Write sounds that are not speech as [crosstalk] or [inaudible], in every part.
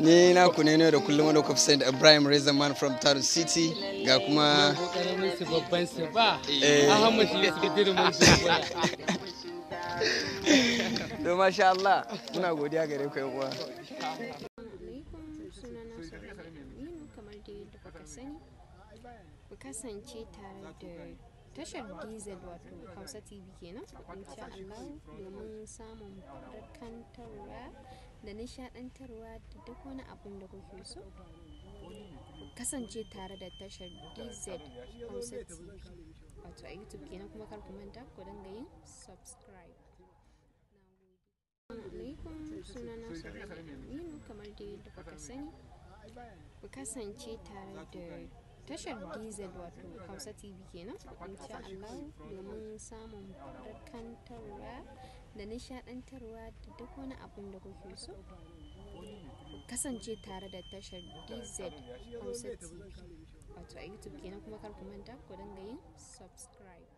ni na ku ne da kullum wani ku saint da Ibrahim Rezaman from Taro City ga kuma babban eh. [laughs] su to masha Allah muna godiya gare ku yan kasance tare da tashar diesel wato hausa tv kenan insha Allah domin samun barkantarwa da nishadantarwa da duk wani abin da kuke so kasance tare da tashar dz hausa tv wato a youtube kenan kuma kar ku manta ku dinga yin subscribe alaikum sunana sarrafa aminu kamar da yadda kuka sani ku kasance tare da tashar diesel wato hausa tv kenan sha Allah domin samun farkantarwa da nishadantarwa da duk wani abin da kuke so kasance tare da tashar dz hausa tv wato a youtube kenan kuma kar ku manta ku dinga yin subscribe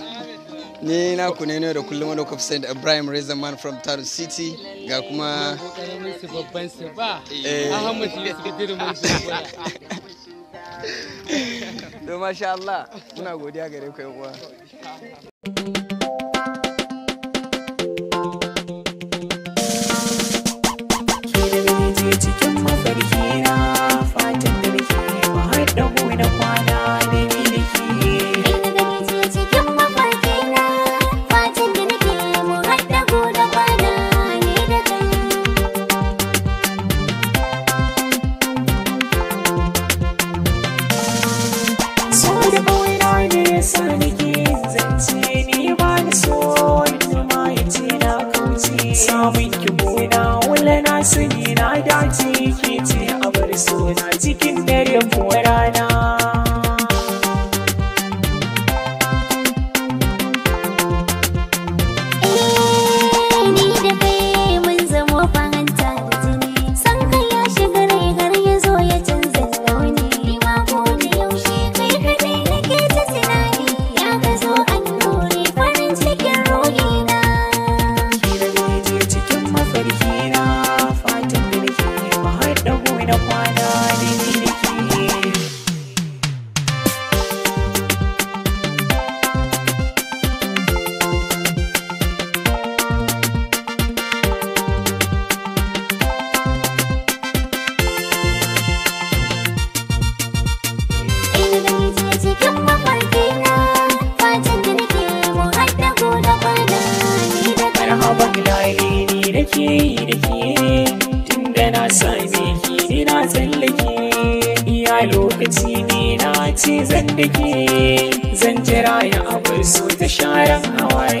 ni na ku ne da kullum wani ku da Ibrahim Rezaman from Taro City ga kuma babban eh. [laughs] masha Allah muna godiya gare ku yan samun ki buna wula na sani na dace ke ce a bar cikin dare ko rana na nake yi da tun da na same ki na tsallake iya lokaci ne na ce zan dake zan jira ya abar su ta sharan hawaye